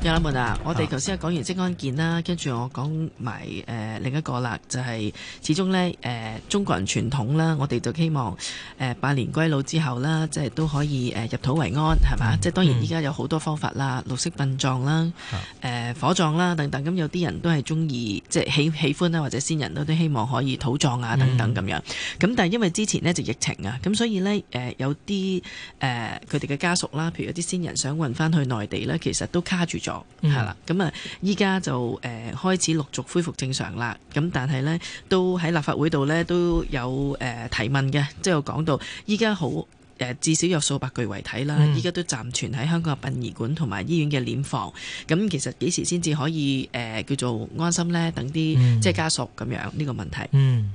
家人們啊，我哋頭先啊講完即安健啦，跟住我講埋誒另一個啦，就係、是、始終咧誒、呃、中國人傳統啦，我哋就希望誒百、呃、年歸老之後啦，即係都可以誒、呃、入土為安，係嘛？嗯、即係當然依家有好多方法啦，嗯、綠色殯葬啦，誒、嗯呃、火葬啦等等。咁有啲人都係中意即係喜喜歡啦，或者先人都都希望可以土葬啊等等咁，嗯、樣。咁但係因為之前呢就疫情啊，咁所以咧誒、呃、有啲誒佢哋嘅家屬啦，譬如有啲先人想運翻去內地咧，其實都卡住。係啦，咁啊、嗯，依家就誒開始陸續恢復正常啦。咁但係呢，都喺立法會度呢都有誒提問嘅，即係講到依家好誒至少有數百具遺體啦，依家、嗯、都暫存喺香港嘅殯儀館同埋醫院嘅殮房。咁其實幾時先至可以誒、呃、叫做安心呢？等啲、嗯、即係家屬咁樣呢、這個問題。嗯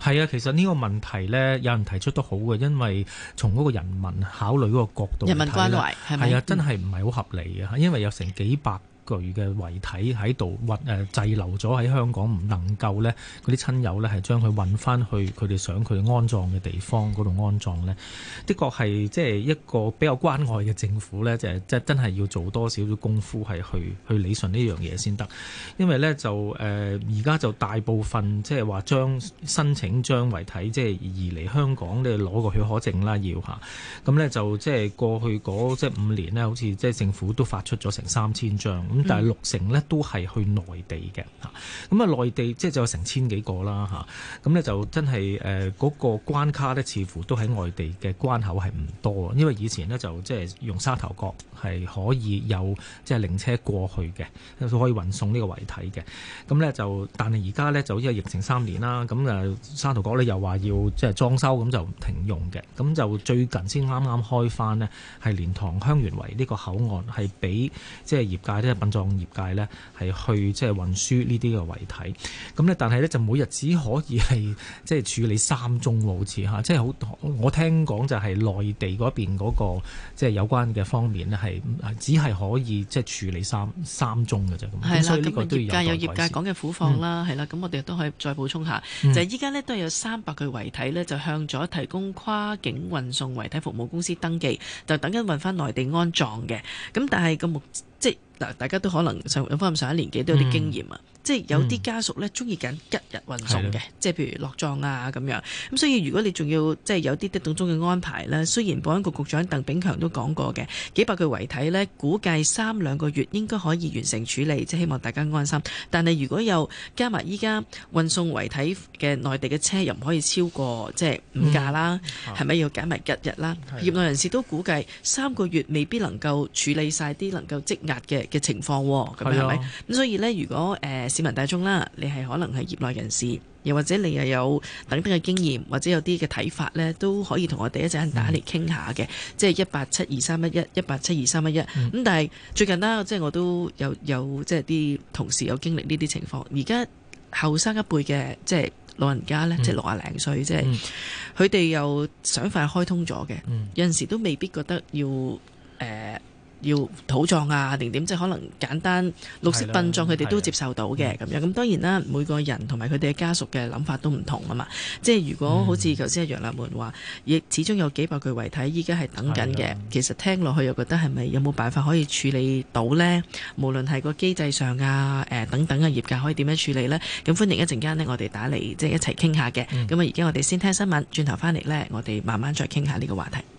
係啊，其實呢個問題呢，有人提出都好嘅，因為從嗰個人民考慮嗰個角度，人民關懷係咪？係啊，真係唔係好合理嘅，因為有成幾百具嘅遺體喺度運誒滯留咗喺香港，唔能夠呢，嗰啲親友呢，係將佢運翻去佢哋想佢安葬嘅地方嗰度安葬呢，的確係即係一個比較關愛嘅政府咧，就即係真係要做多少少功夫係去去理順呢樣嘢先得，因為呢，就誒而家就大部分即係話將申請將遺體即係移嚟香港咧攞個許可證啦要嚇，咁呢，就即係過去嗰即係五年呢，好似即係政府都發出咗成三千張。咁但係六成呢都係去內地嘅嚇，咁啊內地即係就有成千幾個啦嚇，咁呢就真係誒嗰個關卡呢，似乎都喺外地嘅關口係唔多，因為以前呢，就即係用沙頭角係可以有即係靈車過去嘅，可以運送呢個遺體嘅，咁呢就但係而家呢，就好似疫情三年啦，咁誒沙頭角呢，又話要即係裝修，咁就停用嘅，咁就最近先啱啱開翻呢，係蓮塘香園圍呢個口岸係俾即係業界咧。葬業界呢係去即係運輸呢啲嘅遺體，咁呢但係呢就每日只可以係即係處理三宗，好似吓即係好，我聽講就係內地嗰邊嗰個即係有關嘅方面呢，係只係可以即係處理三宗的三宗嘅啫。咁係啦，咁都業界有業界講嘅苦況啦，係啦、嗯，咁我哋都可以再補充下，嗯、就係依家呢都有三百具遺體呢，就向咗提供跨境運送遺體服務公司登記，就等緊運翻內地安葬嘅，咁但係個目即係嗱，大家都可能上翻上一年幾都有啲經驗啊，嗯、即係有啲家屬呢中意揀吉日運送嘅，的即係譬如落葬啊咁樣。咁、嗯、所以如果你仲要即係有啲啲動中嘅安排呢，雖然保安局局長鄧炳強都講過嘅，幾百具遺體呢，估計三兩個月應該可以完成處理，即係希望大家安心。但係如果有加埋依家運送遺體嘅內地嘅車又唔可以超過即係五架啦，係咪、嗯、要揀埋吉日啦？的業內人士都估計三個月未必能夠處理晒啲能夠積壓嘅。嘅情況咁樣係咪？咁的所以呢，如果誒、呃、市民大眾啦，你係可能係業內人士，又或者你又有等等嘅經驗，或者有啲嘅睇法呢，都可以同我哋一陣打嚟傾下嘅，嗯、即係一八七二三一一一八七二三一一。咁、嗯、但係最近啦，即係我都有有即係啲同事有經歷呢啲情況。而家後生一輩嘅即係老人家呢，嗯、即係六啊零歲，即係佢哋有想法開通咗嘅，有陣時都未必覺得要誒。呃要土葬啊，定點即係可能簡單綠色殯葬，佢哋都接受到嘅咁樣。咁當然啦，每個人同埋佢哋嘅家屬嘅諗法都唔同啊嘛。即係如果、嗯、好似頭先阿楊立門話，亦始終有幾百具遺體依家係等緊嘅。的其實聽落去又覺得係咪有冇辦法可以處理到呢？無論係個機制上啊，呃、等等嘅業界可以點樣處理呢？咁歡迎一陣間呢，談談嗯、我哋打嚟即係一齊傾下嘅。咁啊，而家我哋先聽新聞，轉頭翻嚟呢，我哋慢慢再傾下呢個話題。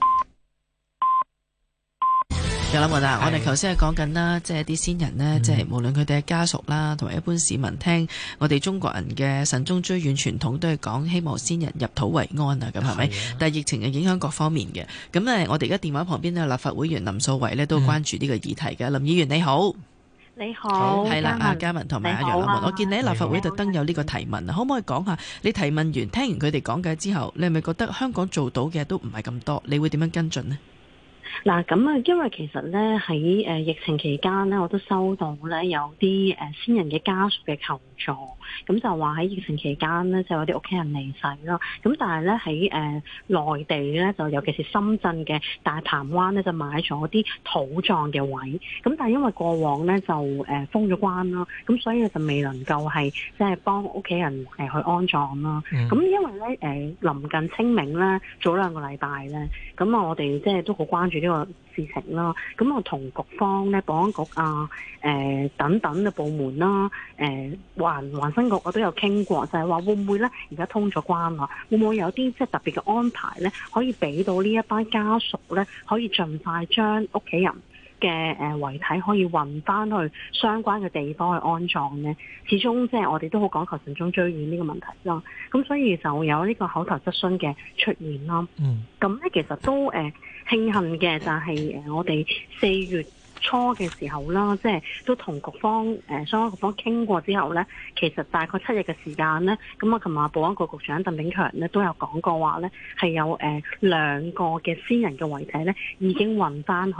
啊、是我哋頭先係講緊啦，即係啲先人呢，嗯、即係無論佢哋嘅家屬啦，同埋一般市民聽，我哋中國人嘅慎終追遠傳統都係講希望先人入土為安啊，咁係咪？但係疫情又影響各方面嘅，咁呢，我哋而家電話旁邊呢，立法會議員林素蔚呢，都關注呢個議題嘅。嗯、林議員你好，你好，係啦好，阿嘉文同埋阿楊嘉文，文文啊、我見你喺立法會特登有呢個提問啊，好可唔可以講下？你提問完聽完佢哋講解之後，你係咪覺得香港做到嘅都唔係咁多？你會點樣跟進呢？嗱，咁啊，因為其實咧喺誒疫情期間咧，我都收到咧有啲誒先人嘅家屬嘅求助。咁就話喺疫情期間咧，就有啲屋企人離世咯。咁但係咧喺誒內地咧，就尤其是深圳嘅大潭灣咧，就買咗啲土葬嘅位。咁但係因為過往咧就、呃、封咗關啦，咁所以就未能夠係即係幫屋企人誒去安葬啦。咁 Yeah. 因為咧誒臨近清明咧，早兩個禮拜咧，咁啊我哋即係都好關注呢個事情啦，咁我同局方咧、保安局啊、誒、欸、等等嘅部門啦、啊、誒、欸、環環生局我都有傾過，就係、是、話會唔會咧而家通咗關啊？會唔會有啲即係特別嘅安排咧，可以俾到呢一班家屬咧，可以盡快將屋企人嘅誒遺體可以運翻去相關嘅地方去安葬咧？始終即係我哋都好講求慎終追遠呢個問題啦。咁所以就有呢個口頭質詢嘅出現啦。嗯，咁咧其實都誒。呃慶幸嘅就係誒，是我哋四月初嘅時候啦，即係都同局方誒相關局方傾過之後呢，其實大概七日嘅時間呢。咁我琴日保安局局長鄧炳強呢都有講過話呢係有誒兩個嘅私人嘅遺體呢已經運翻去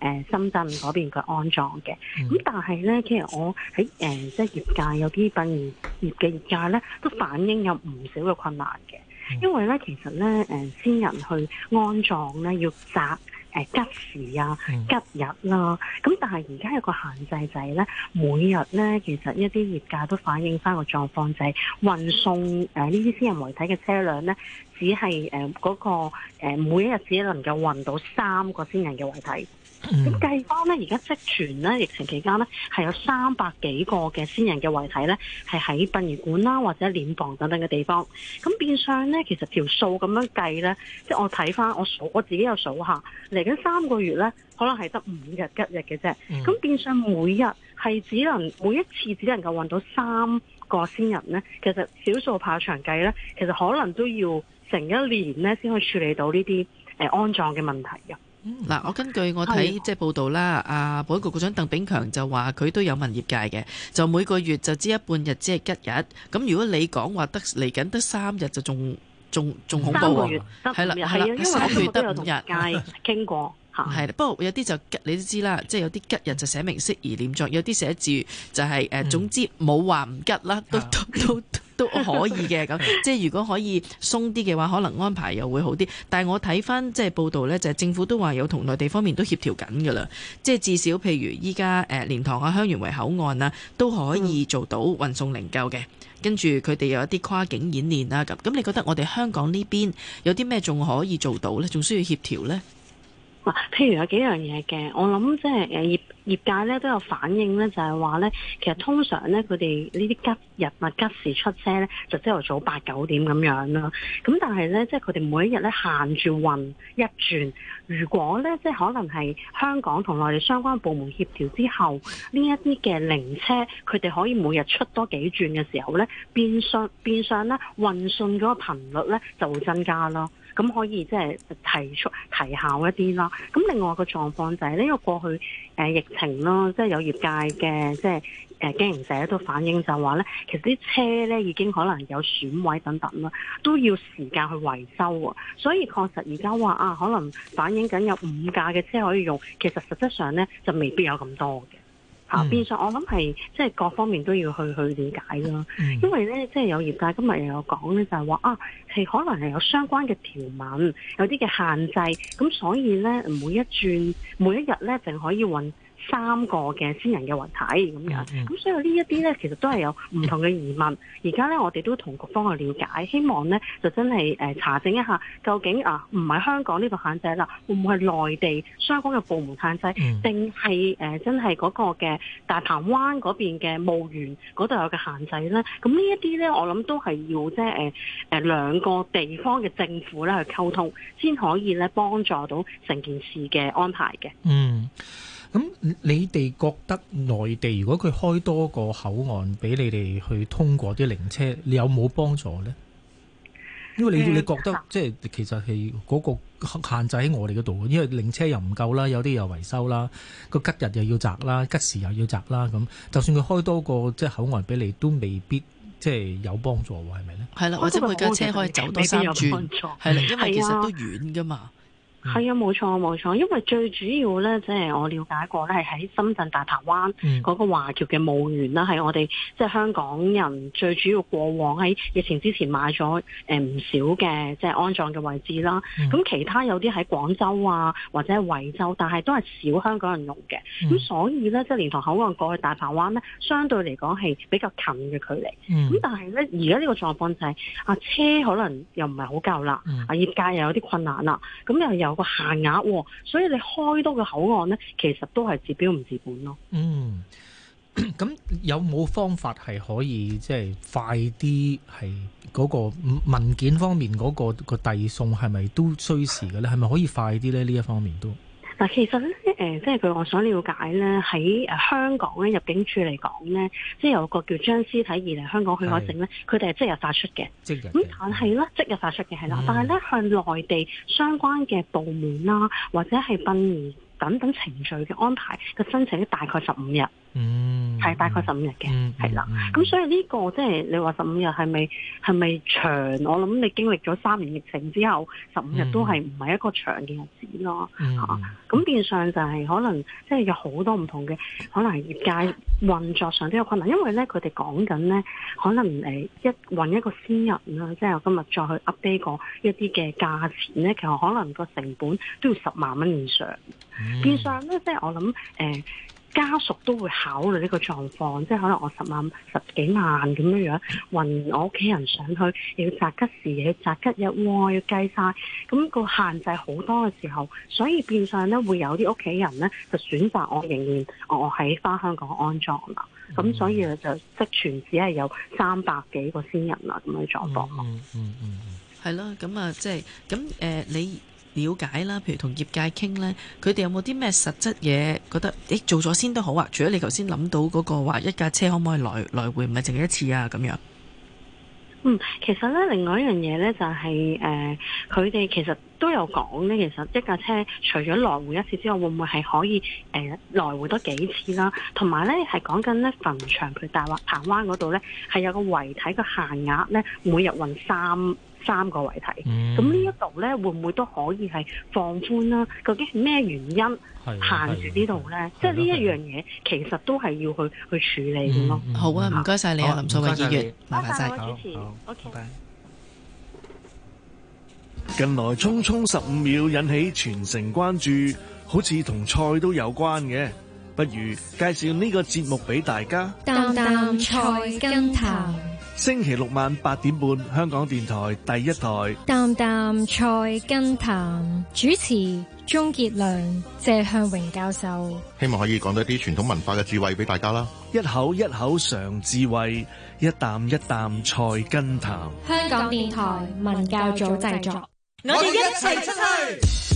誒深圳嗰邊去安葬嘅。咁、嗯、但係呢，其實我喺誒、呃、即係業界有啲殯儀業嘅業界呢，都反映有唔少嘅困難嘅。因為咧，其實咧，誒先人去安葬咧，要擇、呃、吉時啊、吉日啦。咁但係而家有個限制就係咧，每日咧，其實一啲業界都反映翻個狀況，就係運送呢啲、呃、先人遺體嘅車輛咧。只係誒嗰個、呃、每一日只能夠運到三個先人嘅遺體，咁、嗯、計翻呢？而家積存呢，疫情期間呢，係有三百幾個嘅先人嘅遺體呢，係喺殯儀館啦或者殮房等等嘅地方。咁變相呢，其實條數咁樣計呢，即係我睇翻我數，我自己有數下嚟緊三個月呢，可能係得五日吉日嘅啫。咁、嗯、變相每日係只能每一次只能夠運到三個先人呢。其實小數怕長計呢，其實可能都要，成一年咧，先可以處理到呢啲誒安葬嘅問題嘅。嗱，我根據我睇即係報道啦，啊，保安局局長鄧炳強就話佢都有問業界嘅，就每個月就知一半日，只係吉日。咁如果你講話得嚟緊得三日，就仲仲仲恐怖喎。三個月得五日，係啦，因為三個月得五日。業界傾過吓。係啦，不過有啲就吉，你都知啦，即係有啲吉日就寫明息兒念作，有啲寫住就係誒，總之冇話唔吉啦，都都都。都可以嘅，咁即係如果可以鬆啲嘅話，可能安排又會好啲。但係我睇返即係報道呢，就係政府都話有同內地方面都協調緊㗎啦。即係至少譬如依家誒蓮塘啊、香園圍口岸啊，都可以做到運送靈柩嘅。跟住佢哋有一啲跨境演練啊。咁咁你覺得我哋香港呢邊有啲咩仲可以做到呢？仲需要協調呢？譬如有幾樣嘢嘅，我諗即係誒業業界咧都有反映咧，就係話咧，其實通常咧佢哋呢啲吉日物吉時出車咧，就朝頭早八九點咁樣啦。咁但係咧，即係佢哋每一日咧限住運一轉。如果咧，即係可能係香港同內地相關部門協調之後，呢一啲嘅靈車，佢哋可以每日出多幾轉嘅時候咧，變相變相咧運送嗰個頻率咧就會增加咯。咁可以即係、就是、提速提效一啲啦。咁另外個狀況就係，呢個過去、呃、疫情啦即係有業界嘅即係誒、呃、經營者都反映就話咧，其實啲車咧已經可能有損毀等等啦，都要時間去維修喎。所以確實而家話啊，可能反映緊有五架嘅車可以用，其實實質上咧就未必有咁多嘅。啊，變相、嗯、我諗係即係各方面都要去去理解咯，嗯、因為咧即係有業界今日又有講咧，就係話啊係可能係有相關嘅條文，有啲嘅限制，咁所以咧每一轉每一日咧淨可以運三個嘅先人嘅遺體咁樣，咁所以呢一啲呢，其實都係有唔同嘅疑問。而家呢，我哋都同局方去了解，希望呢就真係、呃、查證一下，究竟啊唔係香港呢個限制啦，會唔會係內地相關嘅部門限制，定係誒真係嗰個嘅大潭灣嗰邊嘅墓園嗰度有嘅限制呢？咁呢一啲呢，我諗都係要即係誒誒兩個地方嘅政府咧去溝通，先可以呢幫助到成件事嘅安排嘅。嗯。咁你哋覺得內地如果佢開多個口岸俾你哋去通過啲靈車，你有冇幫助呢？因為你你覺得、嗯、即係其實係嗰個限制喺我哋嗰度，因為靈車又唔夠啦，有啲又維修啦，個吉日又要擇啦，吉時又要擇啦，咁就算佢開多個即係口岸俾你，都未必即係有幫助，係咪呢？係啦，或者每架車可以走多三轉，係啦，因為其實都遠噶嘛。係啊，冇錯冇錯，因為最主要咧，即係我了解過咧，係喺深圳大鵬灣嗰個華僑嘅墓園啦，係我哋即係香港人最主要過往喺疫情之前買咗誒唔少嘅即係安葬嘅位置啦。咁、嗯、其他有啲喺廣州啊，或者係惠州，但係都係少香港人用嘅。咁、嗯、所以咧，即係蓮塘口岸過去大鵬灣咧，相對嚟講係比較近嘅距離。咁、嗯、但係咧，而家呢個狀況就係啊車可能又唔係好夠啦，啊、嗯、業界又有啲困難啦，咁又有。有個限額，所以你開多個口岸呢，其實都係治標唔治本咯。嗯，咁有冇方法係可以即係、就是、快啲？係嗰個文件方面嗰、那個、那個遞送係咪都需時嘅呢？係咪可以快啲呢？呢一方面都。誒、呃，即係據我所了解咧，喺香港咧入境處嚟講咧，即係有個叫將屍體移嚟香港許可證咧，佢哋係即日發出嘅。咁、嗯、但係咧，即日發出嘅係啦，嗯、但係咧向內地相關嘅部門啦、啊，或者係殯儀等等程序嘅安排，嘅申請大概十五日。是嗯，係大概十五日嘅，係啦、嗯。咁、嗯、所以呢、這個即係、就是、你話十五日係咪係咪長？我諗你經歷咗三年疫情之後，十五日都係唔係一個長嘅日子咯。吓、嗯，咁、啊、變相就係可能即係、就是、有好多唔同嘅，可能係業界運作上都有困難。因為咧，佢哋講緊咧，可能誒一運一,一個先人啦，即係我今日再去 update 個一啲嘅價錢咧，其實可能個成本都要十萬蚊以上。嗯、變相咧，即、就、係、是、我諗誒。呃家屬都會考慮呢個狀況，即係可能我十萬、十幾萬咁樣樣運我屋企人上去，要擇吉時、擇吉日，哦、要計晒，咁個限制好多嘅時候，所以變相咧會有啲屋企人咧就選擇我仍然我喺返香港安葬啦，咁、嗯、所以就即全只係有三百幾個先人啦咁樣狀況、嗯。嗯嗯嗯，係咁啊，即係，咁 誒、就是呃，你。了解啦，譬如同業界傾呢，佢哋有冇啲咩實質嘢？覺得誒、欸、做咗先都好啊！除咗你頭先諗到嗰、那個話，一架車可唔可以來來回唔係淨係一次啊？咁樣嗯，其實呢，另外一樣嘢呢，就係、是、誒，佢、呃、哋其實都有講呢。其實一架車除咗來回一次之外，會唔會係可以誒、呃、來回多幾次啦？同埋呢係講緊呢，墳場佢大或銅灣嗰度呢，係有個遺體嘅限額呢，每日運三三個遺體，咁呢一度咧，會唔會都可以係放寬啦？究竟係咩原因限住呢度咧？即係呢一樣嘢，其實都係要去去處理咁咯。好啊，唔該晒你啊，林素蔚議員，麻煩曬。主持，好，OK，近來匆匆十五秒引起全城關注，好似同菜都有關嘅，不如介紹呢個節目俾大家。淡淡菜根談。星期六晚八點半，香港電台第一台《淡淡菜根譚》主持鍾杰良、謝向榮教授，希望可以講到一啲傳統文化嘅智慧俾大家啦。一口一口嘗智慧，一啖一啖菜根譚。香港電台文教組製作，我哋一齊出去。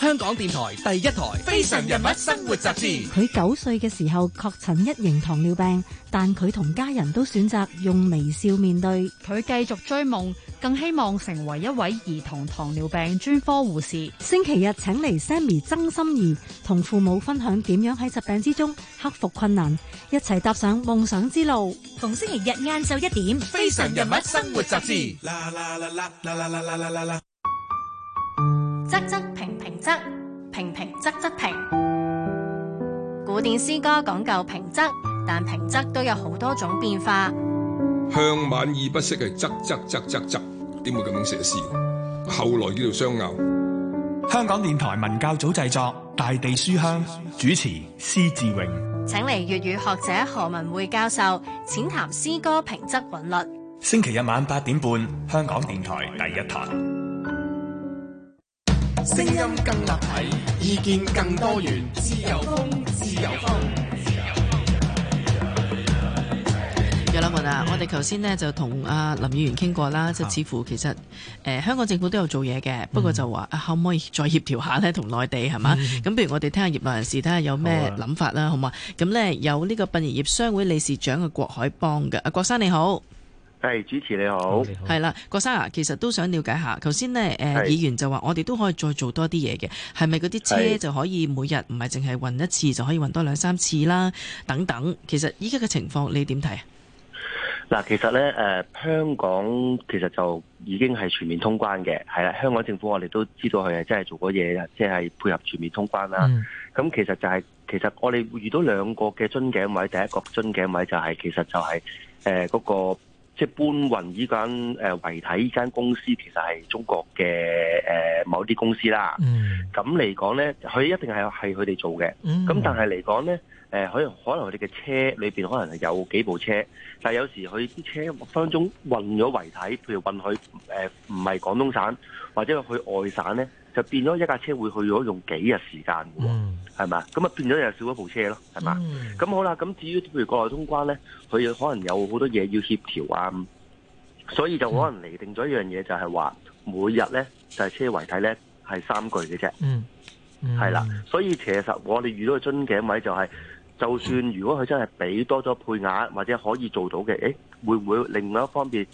香港電台第一台《非常人物生活雜誌》，佢九歲嘅時候確診一型糖尿病，但佢同家人都選擇用微笑面對。佢繼續追夢，更希望成為一位兒童糖尿病專科護士。星期日請嚟 Sammy 曾心儀同父母分享點樣喺疾病之中克服困難，一齊踏上夢想之路。逢星期日晏晝一點，《非常人物生活雜誌》。仄平平仄仄平，古典詩歌講究平仄，但平仄都有好多種變化。向晚意不適係仄仄仄仄仄，點會咁樣寫詩？後來叫做雙拗。香港電台文教組製作《大地書香》，主持施志榮，請嚟粵語學者何文匯教授淺談詩歌平仄韻律。星期日晚八點半，香港電台第一台。聲音更立體，意見更多元，自由風，自由風，自由風。葉老啊，嗯、我哋頭先呢就同阿林議員傾過啦，即似乎其實誒、呃，香港政府都有做嘢嘅，不過就話、嗯啊、可唔可以再協調下呢？同內地係嘛？咁，嗯、不如我哋聽下業內人士睇下有咩諗法啦，好嘛、啊？咁呢，有呢個殯儀業商會理事長嘅、啊、郭凱邦嘅，阿郭生你好。係，主持你好、嗯、你好。係啦，郭生啊，其實都想了解下，頭先呢，誒、呃，是議員就話我哋都可以再做多啲嘢嘅，係咪嗰啲車就可以每日唔係淨係運一次就可以運多兩三次啦？等等，其實依家嘅情況你點睇？嗱，其實呢，誒、呃，香港其實就已經係全面通關嘅，係啦。香港政府我哋都知道佢係真係做過嘢啦，即、就、係、是、配合全面通關啦。咁、嗯、其實就係、是，其實我哋遇到兩個嘅樽頸位，第一個樽頸位就係、是、其實就係、是，誒、呃，嗰、那個。即搬運依間，誒，遺體依間公司，其實係中國嘅，誒，某啲公司啦。咁嚟講咧，佢一定係佢哋做嘅。咁但係嚟講咧，誒，佢可能佢哋嘅車裏邊可能係有幾部車，但係有時佢啲車分分鐘運咗遺體，譬如運去，誒，唔係廣東省，或者去外省咧，就變咗一架車會去咗用幾日時間嘅喎。係嘛？咁啊，變咗又少咗一部車咯，係嘛？咁、mm. 好啦，咁至於譬如國內通關呢，佢可能有好多嘢要協調啊，所以就可能嚟定咗一樣嘢，就係話每日呢，就係、是、車遺體呢，係三具嘅啫。嗯，係啦，所以其實我哋遇到嘅樽頸位就係、是，就算如果佢真係俾多咗配額或者可以做到嘅，誒會唔會另外一方面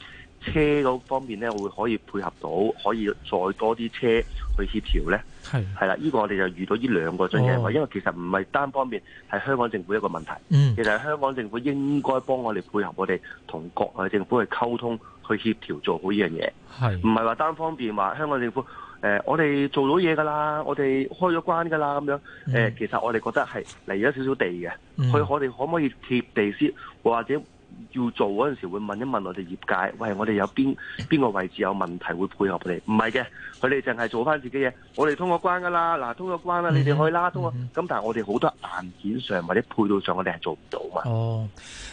車嗰方面呢，會可以配合到，可以再多啲車去協調呢？係係啦，依、這個我哋就遇到呢兩個樽嘢。哦、因為其實唔係單方面係香港政府一個問題。嗯、其實香港政府應該幫我哋配合我哋同國內政府去溝通，去協調做好呢樣嘢。係唔係話單方面話香港政府？誒、呃，我哋做到嘢噶啦，我哋開咗關噶啦，咁樣誒，嗯、其實我哋覺得係嚟咗少少地嘅，佢、嗯、我哋可唔可以貼地先或者？要做嗰陣時會問一問我哋業界，喂，我哋有邊邊個位置有問題會配合你？唔係嘅，佢哋淨係做翻自己嘢。我哋通過關噶啦，嗱通過關啦，你哋可以拉通啊過。咁、嗯、哼但係我哋好多硬件上或者配套上我們是，我哋係做唔到嘛。哦，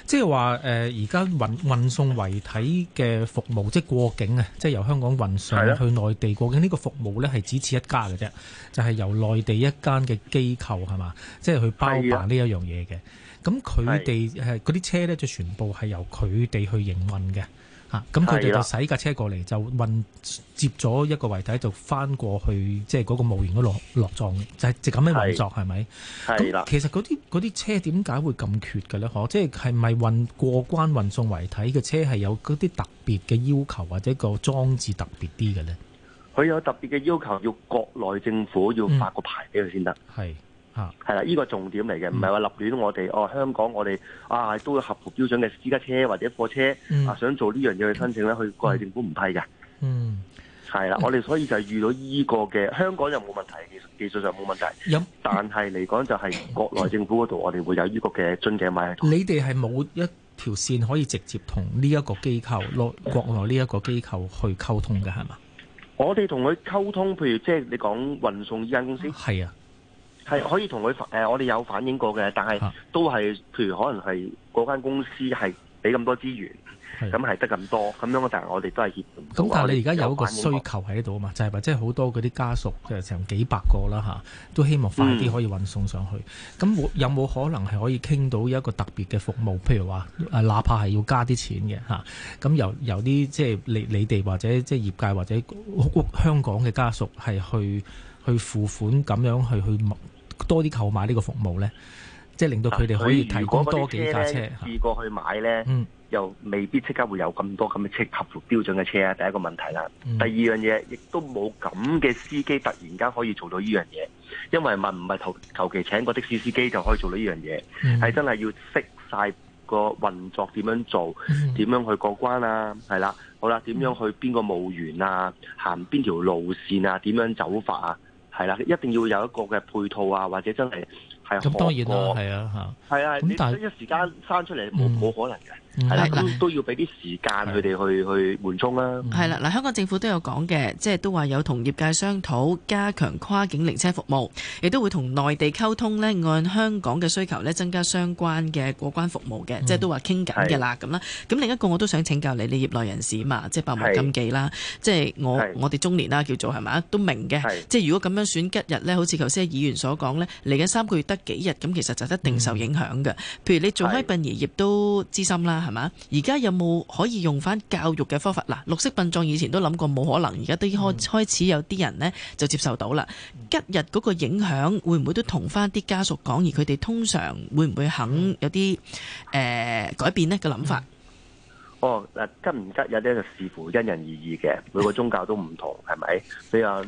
即係話誒，而、呃、家運運送遺體嘅服務，即係過境啊，即係由香港運上的去內地過境呢、這個服務咧，係只此一家嘅啫，就係、是、由內地一間嘅機構係嘛，即係去包辦呢一的樣嘢嘅。咁佢哋嗰啲車咧，就全部係由佢哋去營運嘅嚇。咁佢哋就駛架車過嚟，就運接咗一個遺體就，就翻過去，即係嗰個墓園嗰度落葬就係、就、咁樣運作，係咪？係啦。其實嗰啲啲車點解會咁缺嘅咧？即係係咪運過關運送遺體嘅車係有嗰啲特別嘅要求，或者個裝置特別啲嘅咧？佢有特別嘅要求，要國內政府要發個牌俾佢先得。嗯係啦，呢個、啊、重點嚟嘅，唔係話立亂我哋、嗯、哦。香港我哋啊，都有合乎標準嘅私家車或者貨車、嗯、啊，想做呢樣嘢去申請咧，去國內政府唔批嘅。嗯，係啦，我哋所以就係遇到呢個嘅，香港就冇問題，技術技術上冇問題。有但係嚟講就係國內政府嗰度，我哋會有呢個嘅樽頸位。你哋係冇一條線可以直接同呢一個機構內國內呢一個機構去溝通嘅係嘛？我哋同佢溝通，譬如即係你講運送呢間公司，係啊。係可以同佢誒，我哋有反映過嘅，但係都係譬如可能係嗰間公司係俾咁多資源，咁係的得咁多咁樣。但係我哋都係協調。咁但係你而家有一個需求喺度啊嘛，就係話即係好多嗰啲家屬誒，成幾百個啦、啊、都希望快啲可以運送上去。咁、嗯、有冇可能係可以傾到一個特別嘅服務？譬如話哪怕係要加啲錢嘅咁、啊、由由啲即係你你哋或者即係業界或者香港嘅家屬係去去付款，咁樣去去多啲購買呢個服務呢，即係令到佢哋可以提供多幾架車。車試過去買呢、嗯、又未必即刻會有咁多咁嘅車符合標準嘅車啊！第一個問題啦，嗯、第二樣嘢亦都冇咁嘅司機突然間可以做到呢樣嘢，因為問唔係求求其請個的士司機就可以做到呢樣嘢，係、嗯、真係要識晒個運作點樣做，點、嗯、樣去過關啊？係啦，好啦，點樣去邊個墓園啊？行邊條路線啊？點樣走法啊？係啦，一定要有一個嘅配套啊，或者真係係學咁當然囉，係啊嚇，係啊，咁的但係是一時間生出嚟冇冇可能嘅。係啦，咁都要俾啲時間佢哋去去緩衝啦。係啦，嗱，香港政府都有講嘅，即係都話有同業界商討加強跨境靈車服務，亦都會同內地溝通呢，按香港嘅需求呢，增加相關嘅過關服務嘅，即係都話傾緊嘅啦咁啦。咁另一個我都想請教你，你業內人士嘛，即係百無禁忌啦，即係我我哋中年啦，叫做係咪都明嘅，即係如果咁樣選吉日呢，好似頭先議員所講呢，嚟緊三個月得幾日咁，其實就一定受影響嘅。譬如你做開殯儀業都資深啦。係嘛？而家有冇可以用翻教育嘅方法嗱、呃？綠色殯葬以前都諗過冇可能，而家都開開始有啲人呢就接受到啦。吉日嗰個影響會唔會都同翻啲家屬講，而佢哋通常會唔會肯有啲誒、呃、改變呢個諗法？哦，吉唔吉日呢就視乎因人而異嘅，每個宗教都唔同，係咪？ 你話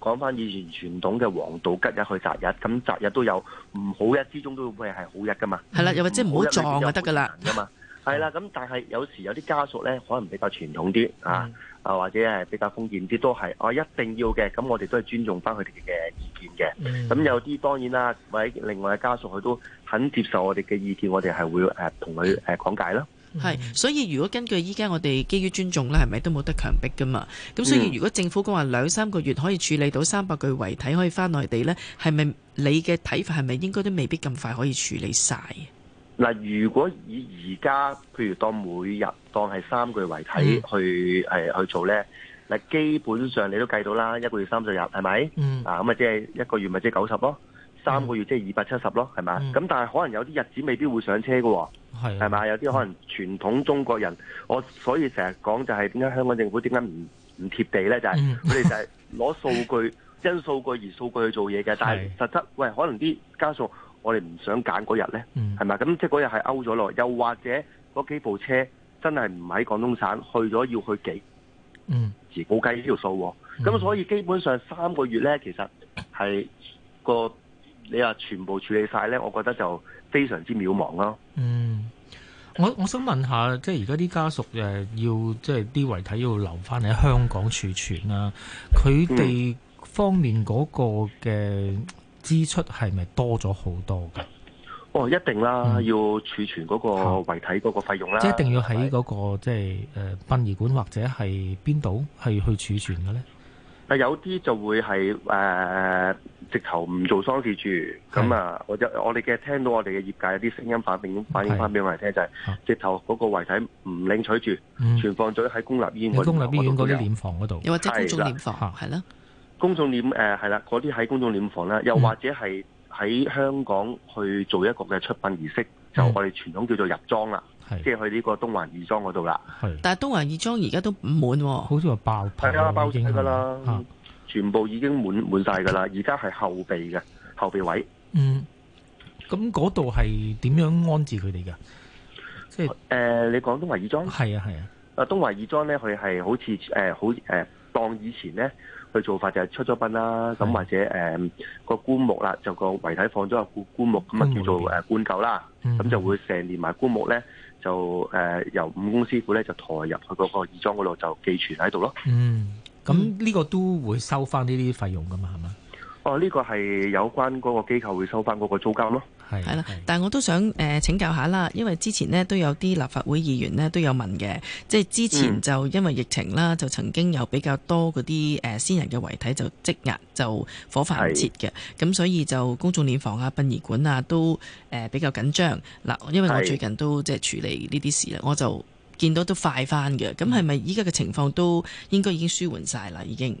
講翻以前傳統嘅黃道吉日去擇日，咁擇日都有唔好日之中都會係好日噶嘛。係啦，又或者唔好撞就得噶啦。係啦，咁但係有時有啲家屬咧，可能比較傳統啲啊，啊、嗯、或者係比較封建啲，都係我一定要嘅。咁我哋都係尊重翻佢哋嘅意見嘅。咁、嗯、有啲當然啦，或者另外嘅家屬佢都肯接受我哋嘅意見，我哋係會誒同佢誒講解咯。係、嗯，所以如果根據依家我哋基於尊重咧，係咪都冇得強迫噶嘛？咁所以如果政府講話兩三個月可以處理到三百具遺體可以翻內地咧，係咪你嘅睇法？係咪應該都未必咁快可以處理晒？嗱，如果以而家，譬如當每日當係三個月為體去、嗯、去做咧，嗱基本上你都計到啦，一個月三十日係咪？是嗯、啊咁啊即係一個月咪即係九十咯，三個月即係二百七十咯，係咪？咁、嗯、但係可能有啲日子未必會上車嘅喎，係咪、嗯？有啲可能傳統中國人，嗯、我所以成日講就係點解香港政府點解唔唔貼地咧？就係佢哋就係攞數據，嗯、 因數據而數據去做嘢嘅，但係實質，喂，可能啲家屬。我哋唔想揀嗰日呢，係咪、嗯？咁即係嗰日係勾咗落，又或者嗰幾部車真係唔喺廣東省去了，去咗要去幾？嗯，而冇計呢條數喎。咁、嗯、所以基本上三個月呢，其實係個你話全部處理晒呢，我覺得就非常之渺茫咯。嗯，我我想問一下，即係而家啲家屬誒，要即係啲遺體要留翻喺香港儲存啦、啊，佢哋方面嗰個嘅。嗯支出係咪多咗好多嘅？哦，一定啦，要儲存嗰個遺體嗰個費用啦。即一定要喺嗰個即係誒殯儀館或者係邊度係去儲存嘅咧？啊，有啲就會係誒直頭唔做喪事住咁啊！我我哋嘅聽到我哋嘅業界有啲聲音反映，反映翻俾我哋聽就係直頭嗰個遺體唔領取住，存放咗喺公立醫院。喺公立醫院嗰啲殮房嗰度，又或者公眾殮房，係咯。公眾殮誒係啦，嗰啲喺公眾殮房啦，又或者係喺香港去做一個嘅出殯儀式，嗯、就我哋傳統叫做入莊啦，即係的去呢個東華義莊嗰度啦。但係東華義莊而家都唔滿喎，好似話爆，係爆滿㗎啦，全部已經滿晒㗎啦，而家係後備嘅後備位。嗯，咁嗰度係點樣安置佢哋㗎？即係誒，你講東華義莊係啊係啊，啊東華義莊咧，佢係好似誒好誒當以前呢。佢做法就係出咗殯啦，咁或者誒個棺木啦，就個遺體放咗入棺棺木，咁啊叫做誒棺柩啦，咁就會成年埋棺木咧，就誒由五公師傅咧就抬入去嗰個義莊嗰度就寄存喺度咯。嗯，咁呢個都會收翻呢啲費用噶嘛，係嘛？哦，呢個係有關嗰個機構會收翻嗰個租金咯。係啦，但係我都想誒、呃、請教一下啦，因為之前咧都有啲立法會議員咧都有問嘅，即係之前就因為疫情啦，嗯、就曾經有比較多嗰啲誒先人嘅遺體就積壓就火化唔切嘅，咁的所以就公眾殮房啊、殯儀館啊都誒、呃、比較緊張嗱，因為我最近都即係處理呢啲事啦，的我就見到都快翻嘅，咁係咪依家嘅情況都應該已經舒緩晒啦？已經。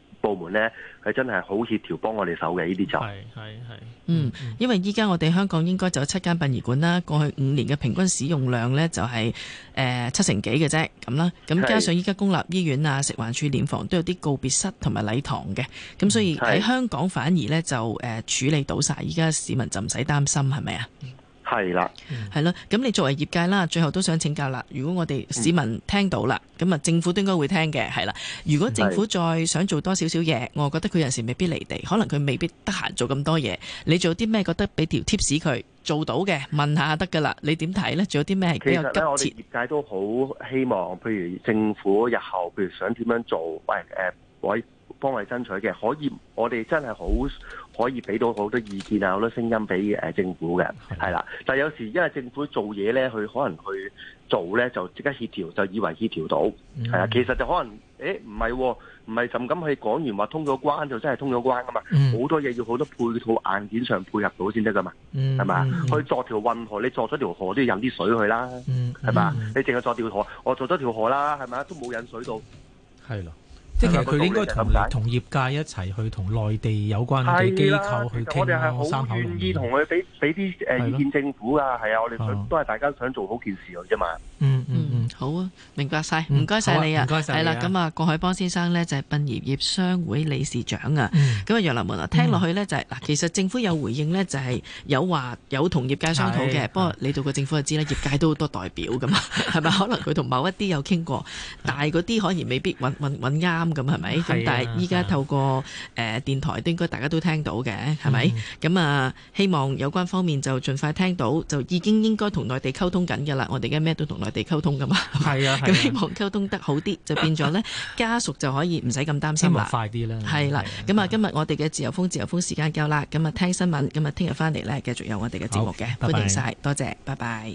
部門呢，係真係好協調幫我哋手嘅呢啲就係係係嗯，因為依家我哋香港應該就有七間殯儀館啦。過去五年嘅平均使用量呢、就是，就、呃、係七成幾嘅啫咁啦。咁加上依家公立醫院啊、是食環處殮房都有啲告別室同埋禮堂嘅，咁所以喺香港反而呢，就、呃、誒處理到晒。依家市民就唔使擔心係咪啊？係啦，係啦，咁你作為業界啦，最後都想請教啦。如果我哋市民聽到啦，咁啊、嗯、政府都應該會聽嘅，係啦。如果政府再想做多少少嘢，我覺得佢有時未必離地，可能佢未必得閒做咁多嘢。你做啲咩覺得俾條 tips 佢做到嘅？問下得㗎啦，你點睇咧？做啲咩係比較急切？其實我哋業界都好希望，譬如政府日後譬如想點樣做，喂、呃、誒，喂。幫我哋爭取嘅，可以我哋真係好可以俾到好多意見啊，好多聲音俾誒、呃、政府嘅，係啦。但係有時因為政府做嘢咧，佢可能去做咧，就即刻協調，就以為協調到，係、嗯、啊，其實就可能誒唔係，唔係甚咁去講完話通咗關就真係通咗關噶嘛。好、嗯、多嘢要好多配套硬件上配合到先得噶嘛，係嘛？去作條運河，你作咗條河都要引啲水去啦，係嘛？你淨係作條河，我做咗條河啦，係咪？都冇引水到，係咯。即係其實佢應該同同業界一齊去同內地有關嘅機構去傾咯。我哋係好願意同佢俾俾啲誒意見政府噶。係啊，我哋想都係大家想做好件事㗎啫嘛。嗯嗯嗯，好啊，明白曬，唔該曬你啊。唔該曬你啊。係啦，咁啊，郭凱邦先生咧就係殯儀業商會理事長啊。咁啊，楊立文啊，聽落去咧就係嗱，其實政府有回應咧，就係有話有同業界商討嘅。不過你到個政府就知啦，業界都好多代表㗎嘛，係咪？可能佢同某一啲有傾過，但係嗰啲可能未必揾揾揾啱。咁係咪？咁但係依家透過誒電台都應該大家都聽到嘅，係咪？咁啊，希望有關方面就盡快聽到，就已經應該同內地溝通緊噶啦。我哋而家咩都同內地溝通噶嘛。係啊，咁希望溝通得好啲，就變咗咧，家屬就可以唔使咁擔心啦。快啲啦。係啦，咁啊，今日我哋嘅自由風自由風時間夠啦。咁啊，聽新聞。咁啊，聽日翻嚟咧，繼續有我哋嘅節目嘅，歡迎曬，多謝，拜拜。